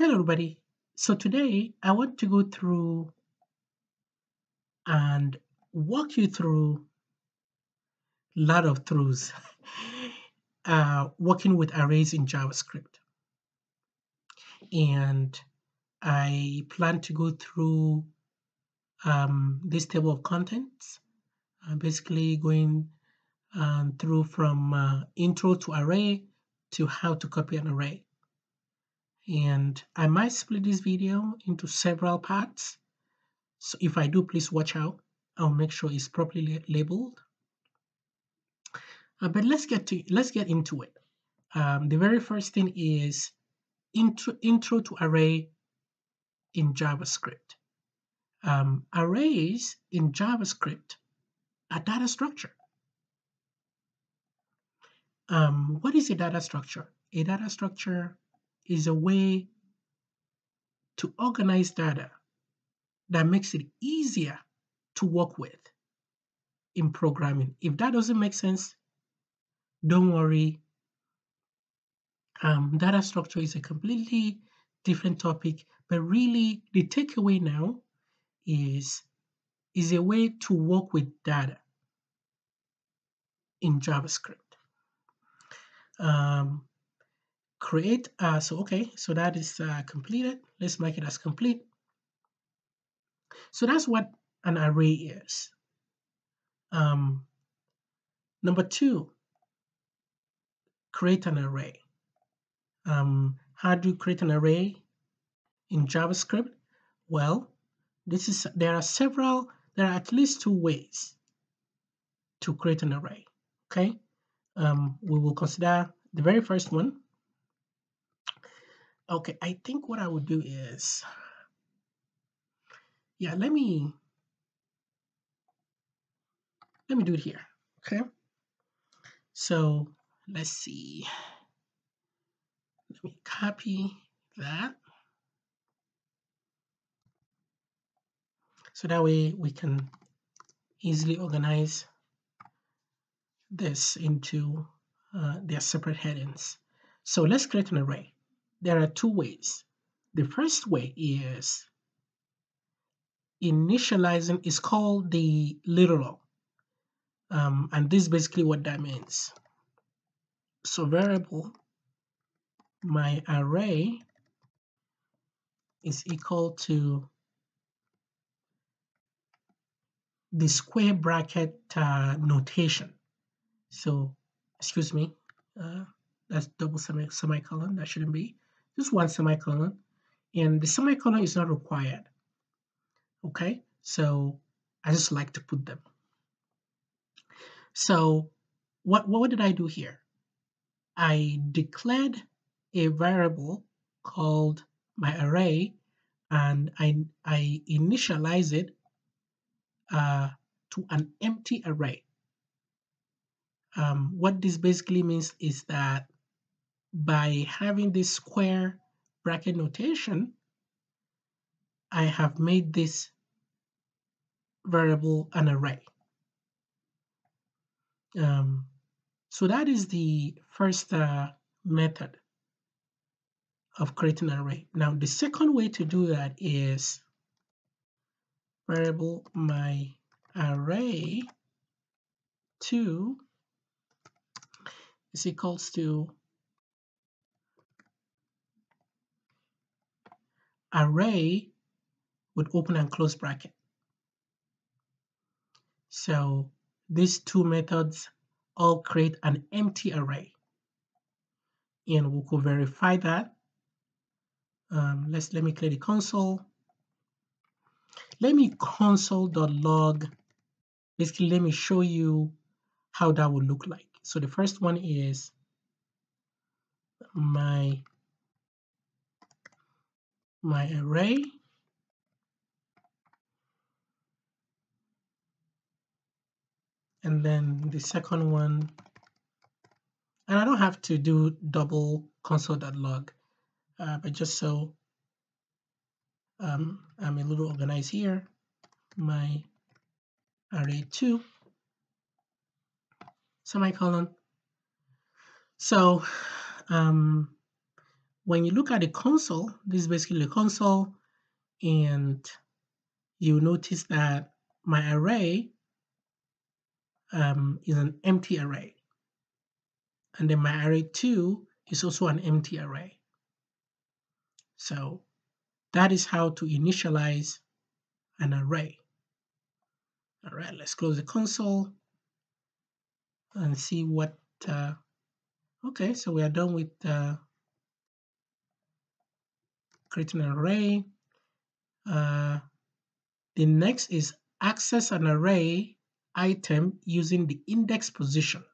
Hello everybody. So today I want to go through and walk you through a lot of throughs uh, working with arrays in JavaScript. And I plan to go through um, this table of contents, uh, basically going um, through from uh, intro to array to how to copy an array and I might split this video into several parts. So if I do, please watch out. I'll make sure it's properly labeled. Uh, but let's get to let's get into it. Um, the very first thing is intro intro to array in JavaScript. Um, arrays in JavaScript are data structure. Um, what is a data structure? A data structure is a way to organize data that makes it easier to work with in programming. If that doesn't make sense, don't worry. Um, data structure is a completely different topic, but really the takeaway now is is a way to work with data in JavaScript. Um, create uh, so okay so that is uh, completed let's make it as complete so that's what an array is um, number two create an array um, how do you create an array in javascript well this is there are several there are at least two ways to create an array okay um, we will consider the very first one Okay, I think what I would do is, yeah, let me let me do it here. Okay. So let's see. Let me copy that. So that way we can easily organize this into uh, their separate headings. So let's create an array there are two ways. The first way is initializing is called the literal. Um, and this is basically what that means. So variable my array is equal to the square bracket uh, notation. So, excuse me, uh, that's double semi semicolon, that shouldn't be just one semicolon, and the semicolon is not required. Okay, so I just like to put them. So what, what did I do here? I declared a variable called my array and I, I initialize it uh, to an empty array. Um, what this basically means is that by having this square bracket notation, I have made this variable an array. Um, so that is the first uh, method of creating an array. Now, the second way to do that is variable my array two is equals to array with open and close bracket. So these two methods all create an empty array. And we could verify that. Um, let's let me clear the console. Let me console.log. Basically, let me show you how that would look like. So the first one is my my array. And then the second one, and I don't have to do double console.log, uh, but just so um, I'm a little organized here, my array two, semicolon. So um, when you look at the console, this is basically the console, and you notice that my array um, is an empty array. And then my array 2 is also an empty array. So that is how to initialize an array. All right, let's close the console and see what, uh, okay, so we are done with uh, creating an array. Uh, the next is access an array item using the index position.